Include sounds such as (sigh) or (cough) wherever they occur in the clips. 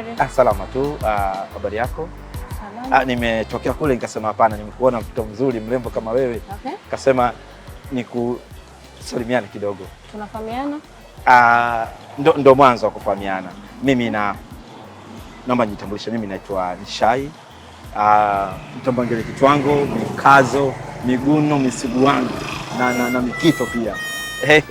habari? Ah, salama tu. Ah, habari yako? Salama. Ah, nimetokea kule nikasema hapana, nimekuona mtoto mzuri mrembo kama wewe. Okay. Kasema nikusalimiane kidogo. Tunafahamiana? Ah, ndo, ndo mwanzo wa kufahamiana. Mimi na naomba nitambulishe, mimi naitwa Nishai. Ah, mtambangele kitwango, mikazo, miguno, misigu wangu na, na, na mikito pia. (laughs)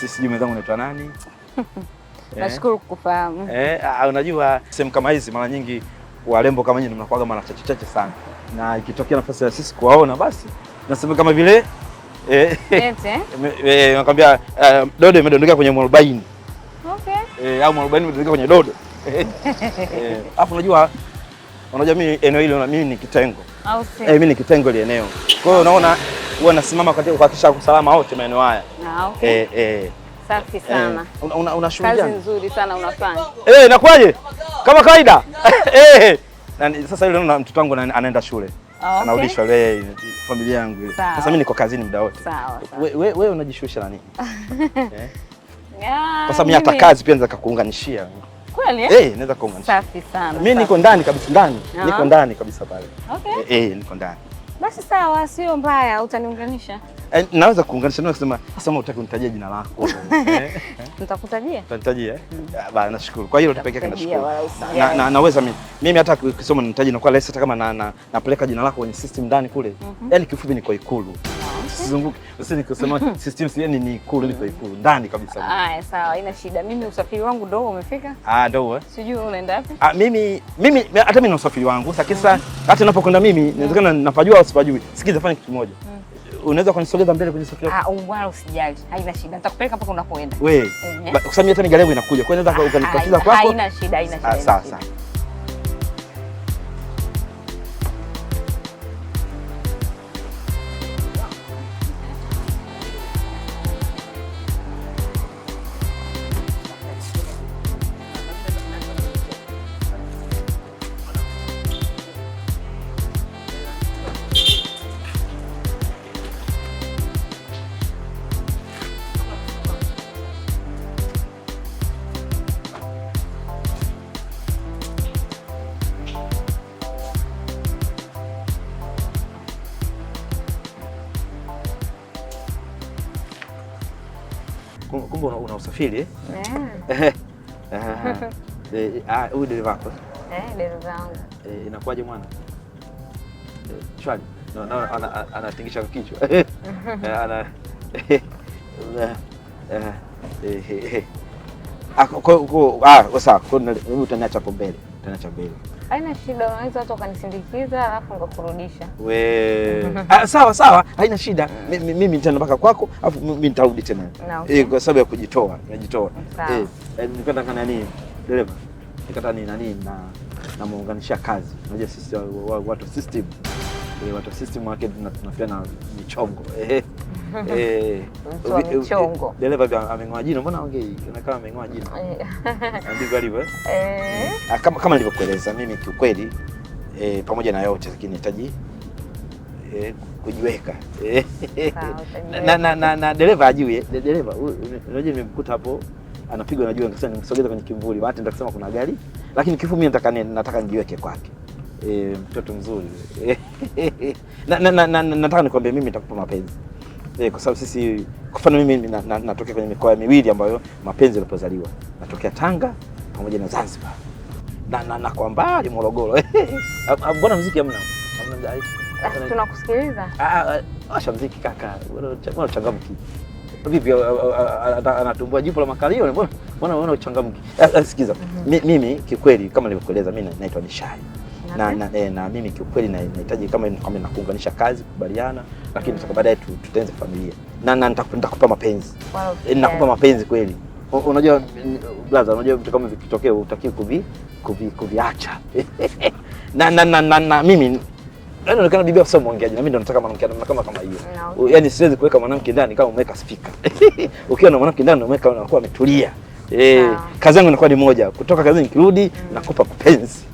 Sisi mwenzangu naitwa nani? (laughs) Nashukuru eh. kukufahamu. Eh, ah, unajua sehemu kama hizi mara nyingi warembo kama nyinyi mnakuwaga mara chache chache sana, na ikitokea nafasi ya sisi kuwaona basi nasema kama vile eh, (laughs) eh, nakwambia eh, dodo imedondoka kwenye mwarobaini Okay. Eh, au mwarobaini imedondoka kwenye dodo. Eh, Alafu (laughs) unajua unajua mimi eneo hilo na mimi ni kitengo eh, mimi ni kitengo ile eneo, kwa hiyo unaona huwa nasimama kwa kuhakikisha usalama wote maeneo haya. Ah, okay. Eh, eh. Safi sana. Eh, una, una kazi nzuri sana unafanya. Eh, inakuwaje? Kama kawaida. (laughs) Eh. eh. Na Sasa yule na mtoto wangu anaenda shule. Ah, okay. Anarudishwa wewe eh, familia yangu. Sasa mimi niko kazini muda wote. Sawa. Wewe wewe unajishusha na nini? (laughs) Eh. Kwa sababu hata kazi pia naweza kukuunganishia. Kweli? Eh, eh naweza kuunganisha. Safi sana. Mimi niko ndani kabisa ndani. Ah. Niko ndani kabisa pale. Okay. Eh, niko ndani. Basi sawa, sio mbaya, utaniunganisha. Eh, naweza kuunganisha na kusema sasa utaki unitajie jina lako. (laughs) Eh. Nitakutajia. Nitakutajia. Eh? Ah, ba, nashukuru. Kwa hilo tupekee nashukuru. Na, na naweza mimi. Mimi hata kusoma nitaji na kwa lesa hata kama na, na, napeleka jina lako kwenye system ndani kule. Mhm. Yaani kifupi niko Ikulu usizunguke, usinikusema system (laughs) yani ni cool ni faithful ndani kabisa. Haya sawa, haina shida. Mimi usafiri wangu ndio umefika. Ah, ndio eh. Sijui unaenda wapi? Ah, mimi mimi hata mimi na usafiri wangu. Sakisa hata ninapokwenda mimi mm. inawezekana napajua au sipajui. Sikiza, fanya kitu kimoja. Mm. Unaweza kunisogeza mbele kwenye usafiri Ah, wala usijali. Haina shida. Nitakupeleka mpaka unapoenda. Wewe, eh. kwa sababu hata migari yako inakuja. Kwa hiyo unaweza ah, ukanipatia kwako. Haina shida, haina ah, shida. Sawa sawa. Kumbe una usafiri eh. (laughs) Eh. Eh, ah, huyu dereva wako? Eh, dereva wangu. Inakuwaje mwana? Shwari. Anatingisha kichwa. Ana eh, utaniacha mbele, utaniacha mbele Haina shida, unaweza hata ukanisindikiza alafu ngakurudisha. We. (laughs) Ah, sawa sawa, haina shida. Mimi nitaenda mpaka kwako, alafu mimi nitarudi tena. Eh, kwa sababu ya kujitoa, najitoa. Eh, eh nipenda kana nini? Dereva. Nikata nini na nini na na muunganishia kazi. Unajua sisi watu system. Eh, watu system wake tunapeana michongo. Eh eh, (laughs) mchongo. Dereva ameng'oa jino, mbona ongei kama ameng'oa jino? (laughs) Ndivyo alivyo eh, eh. Mm. Ah, kama kama nilivyokueleza mimi kiukweli, eh, pamoja na yote lakini nahitaji eh, kujiweka eh. (laughs) na, na, na, na dereva ajue, dereva unajua nimemkuta hapo anapigwa na jua, nikasema nimsogeza kwenye kivuli, bahati hata kusema kuna gari, lakini kifu mimi nataka nataka nijiweke kwake. E, mtoto mzuri na, na, na, na, nataka nikwambie mimi nitakupa mapenzi eh, kwa sababu sisi kwa mfano mimi na, na, natokea kwenye mikoa miwili ambayo mapenzi yalipozaliwa natokea Tanga pamoja na Zanzibar na, na, na kwa mbali Morogoro. (laughs) Mbona muziki hamna? Tunakusikiliza. Acha ah, ah, ah, muziki kaka, mbona uchangamki vipi? Anatumbua jipo la makalio, mbona mbona uchangamki? Sikiza mhm. mimi, kikweli kama nilivyokueleza, mimi naitwa Nishai na, na, na, eh, na mimi kiukweli nahitaji kama kwamba nakuunganisha kazi kubaliana, lakini mm. baadaye tutenze familia na, na nitakupa mapenzi wow, e, eh, nakupa mapenzi kweli. Unajua blaza, unajua vitu kama vikitokea utaki kuvi kuviacha (laughs) na, na, na, na, na mimi yaani naonekana bibi sio mwongeaji, na mimi ndo nataka mwanamke kama kama hiyo no. Yaani siwezi kuweka mwanamke ndani kama umeweka spika (laughs) ukiwa na mwanamke ndani umeweka unakuwa ametulia. Eh, kazi yangu inakuwa ni moja, kutoka kazini nikirudi, mm. nakupa kupenzi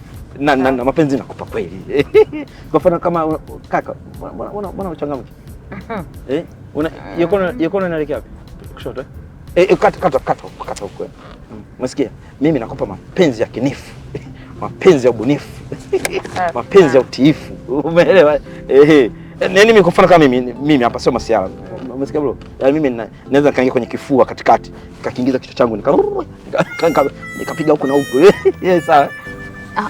na, na, na mapenzi nakupa kweli. (laughs) Kwa mfano kama kaka, mbona uchangamki? Uh-huh. Eh, una uh-huh. yokona yokona naelekea wapi? Kushoto. Eh? eh, kata kata kata kata huko. Mm. Umesikia? Mimi nakupa mapenzi ya kinifu. (laughs) Mapenzi ya ubunifu. (laughs) Mapenzi ya uh-huh. utiifu. Umeelewa? Eh. Nini eh. yaani kwa mfano kama mimi mimi hapa sio masiala. Umesikia bro? Yaani mimi naweza nikaingia kwenye kifua katikati, nikakiingiza kichwa changu nika nikapiga huko na huko. Eh, sawa. Ah,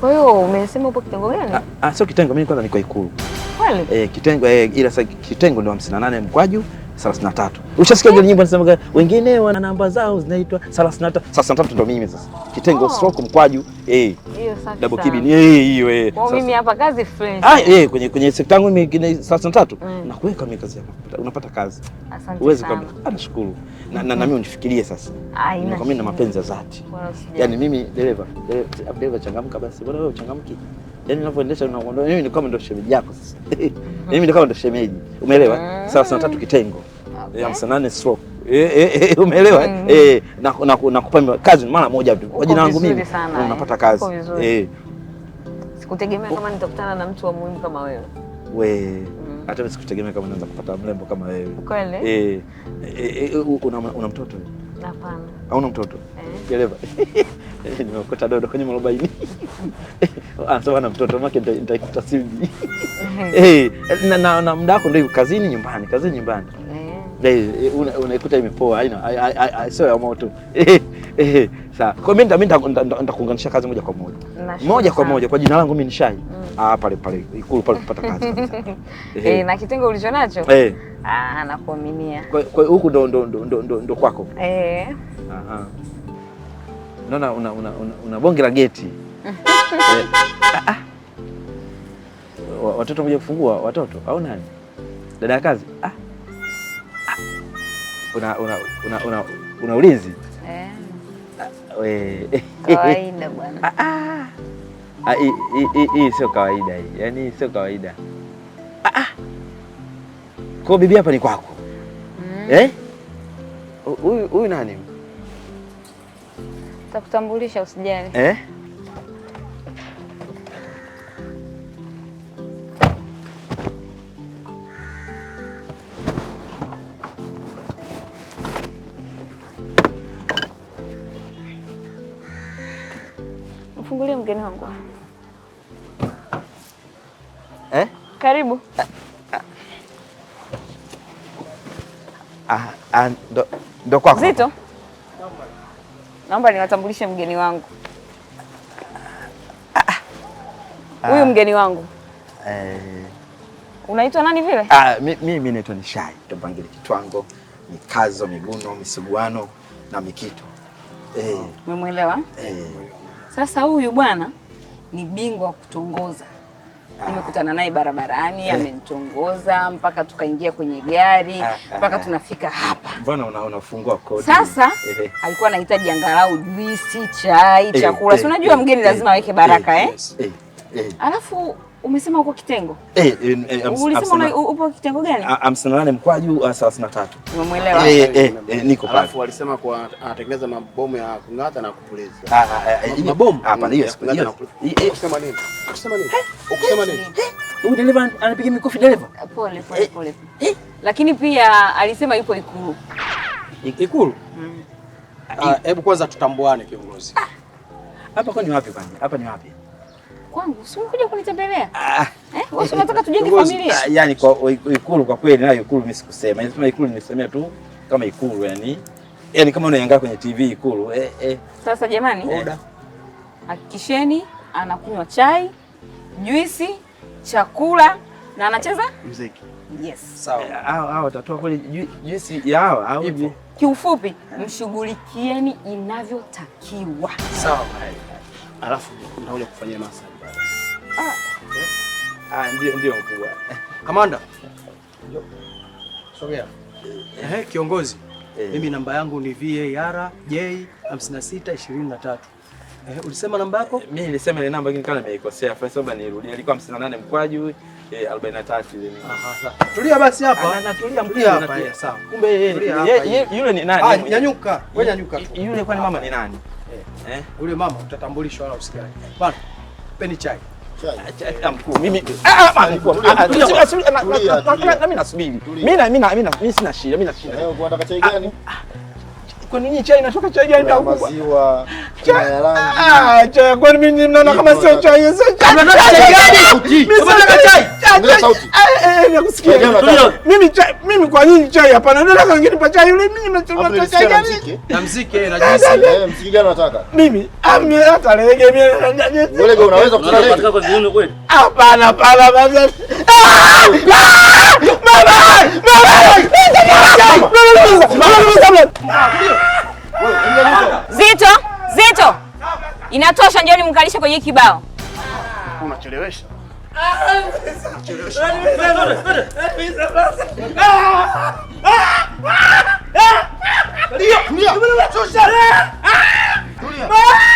kwa hiyo umesema upo kitengo gani? Ah, ah sio kitengo, mimi kwanza niko Ikulu. Kweli? Eh, kitengo eh, ila kitengo ndio 58 mkwaju 33. Ushasikia ile nyimbo nasema wengine wana namba zao zinaitwa 33. 33 ndo mimi sasa. Kitengo oh. Stroke mkwaju eh. Hiyo sasa. Double kibini eh hiyo eh. Kwa mimi hapa kazi fresh. Ah eh kwenye kwenye sekta yangu mimi 33 mm. na kuweka mimi kazi hapa. Unapata kazi. Asante. Uweze kwa Ah nashukuru. Na na, na mimi unifikirie sasa. Ah ina. Mimi na mapenzi ya dhati. Yaani mimi dereva, dereva changamka basi. Bwana wewe uchangamki. Yaani unavyoendesha unaondoa mimi ni kama ndo shemeji yako sasa. (laughs) mimi ndio kama ndo shemeji, umeelewa? Sasa mm. sana tatu kitengo hamsini eh, eh, eh, mm. na nane stroke umeelewa? Nakupa kazi mara moja tu kwa jina langu mimi, unapata mm, kazi. Sikutegemea oh. kama nitakutana na mtu wa muhimu kama wewe. We hata mimi sikutegemea kama naweza kupata mrembo kama wewe. Kweli? Una mtoto? Hapana. Hauna mtoto? Dereva. (laughs) Nimekota dodo kwenye mwarobaini. Anasema ah, na mtoto wake nitaikuta Eh, eh Na muda wako ndio kazini nyumbani, kazini nyumbani. Eh. Eh, unaikuta imepoa, haina sio ya moto. Sawa. Kwa mimi nitakuunganisha kazi moja kwa moja. Moja kwa moja kwa jina langu mimi ni Shai. Mm. Ah, pale pale Ikulu pale kupata kazi (laughs) Eh, na kitengo ulicho nacho? Eh. Ah, nakuaminia. Kwa huku ndo ndo ndo kwako. Eh. Aha naona una, una, una, una bonge la geti (laughs) eh, ah, ah. Watoto kuja kufungua watoto au nani? Dada ya kazi ah. Ah. Una, una, una, una, una ulinzi hii eh. eh. (laughs) ah, ah. ah, sio kawaida hii, yaani hii sio kawaida ah, ah. Kwa bibi hapa ni kwako huyu mm. eh? nani Takutambulisha usijali. Eh? Mfungulie e? mgeni wangu. Eh? Karibu. Ah, ah, ndo kwako. Zito. Naomba niwatambulishe mgeni wangu ah, ah. Ah. huyu. Mgeni wangu eh. unaitwa nani vile? Mimi naitwa Nishai Topangile Kitwango Mikazo Miguno Misuguano na Mikito. Eh. Umemwelewa? Eh. Sasa huyu bwana ni bingwa wa kutongoza Nimekutana naye barabarani, eh. amenitongoza mpaka tukaingia kwenye gari ah, mpaka ah. tunafika hapa. Mbona unafungua kodi? Sasa eh. alikuwa anahitaji angalau juisi, chai, eh, chakula, si unajua mgeni lazima aweke baraka eh, alafu Umesema uko kitengo? Eh, eh, eh, eh ulisema upo kitengo gani? hamsini na nane mkwaju thelathini na tatu. Umemwelewa? Eh, eh, eh, niko pale. Alafu walisema kwa anatengeneza mabomu ya kungata na kupuliza. Ah, ah, ah eh, mabomu? Hapa hiyo siku hiyo. Ukisema nini? Ukisema nini? Ukisema nini? Huyu dereva anapiga mikofi dereva? Pole pole pole. Lakini pia alisema yuko Ikulu. Ikulu? Mm. Ah, hebu kwanza tutambuane kiongozi. Ah. Hapa kwa ni wapi bwana? Hapa ni wapi? kwangu, si unakuja kunitembelea ah. Eh, wewe unataka tujenge familia ah, yani kwa Ikulu. Kwa kweli nayo Ikulu mimi sikusema, nasema yaani Ikulu, nimesemea tu kama Ikulu yani yani kama unaangalia kwenye TV Ikulu eh, eh. Sasa jamani eh. Hakikisheni anakunywa chai, juisi, chakula na anacheza muziki. Yes. Sawa. Eh, hao hao watatoa kweli juisi yao au hivi. Kiufupi, mshughulikieni inavyotakiwa. Sawa. Alafu ndio kufanyia masa Ah. Ah, ndio, ndio mkubwa. Kamanda. Sogea. Eh, kiongozi. Mimi namba yangu ni VAR J 5623. Eh, ulisema namba yako? Eh, mimi nilisema ile namba lakini nimeikosea. Sasa nirudia Ilikuwa 58 mkwaju 43 eh, ile. Aha. Tulia basi hapa. Ah, na tulia hapa. Eh, sawa. Kumbe yeye yule ni nani? Ah, nyanyuka. Wewe nyanyuka tu. Yule kwani mama ni nani? Eh. Yule mama utatambulishwa wala usikae. Peni chai. Mimi nasubiri, mimi sina shida, mimi nashinda. Unataka chai gani? Kwa nini chai inatoka chai gani? Ndio maziwa. Ah, chai kwani mimi mnaona kama sio chai hizo. Unataka chai gani? Mimi sio chai. Sauti. Eh, nakusikia. Mimi chai kwa chai hapana? pa chai yule chai gani? Na mziki eh, mziki gani unataka? Mimi ami ah, hata lege mimi. kwa kweli? Hapana, hapana baba. Mama! Mama! Zito, Zito. Inatosha, njoni mkalisha kwenye kibao. Unachelewesha. 누리야! 누리야! 조시아! 누리야!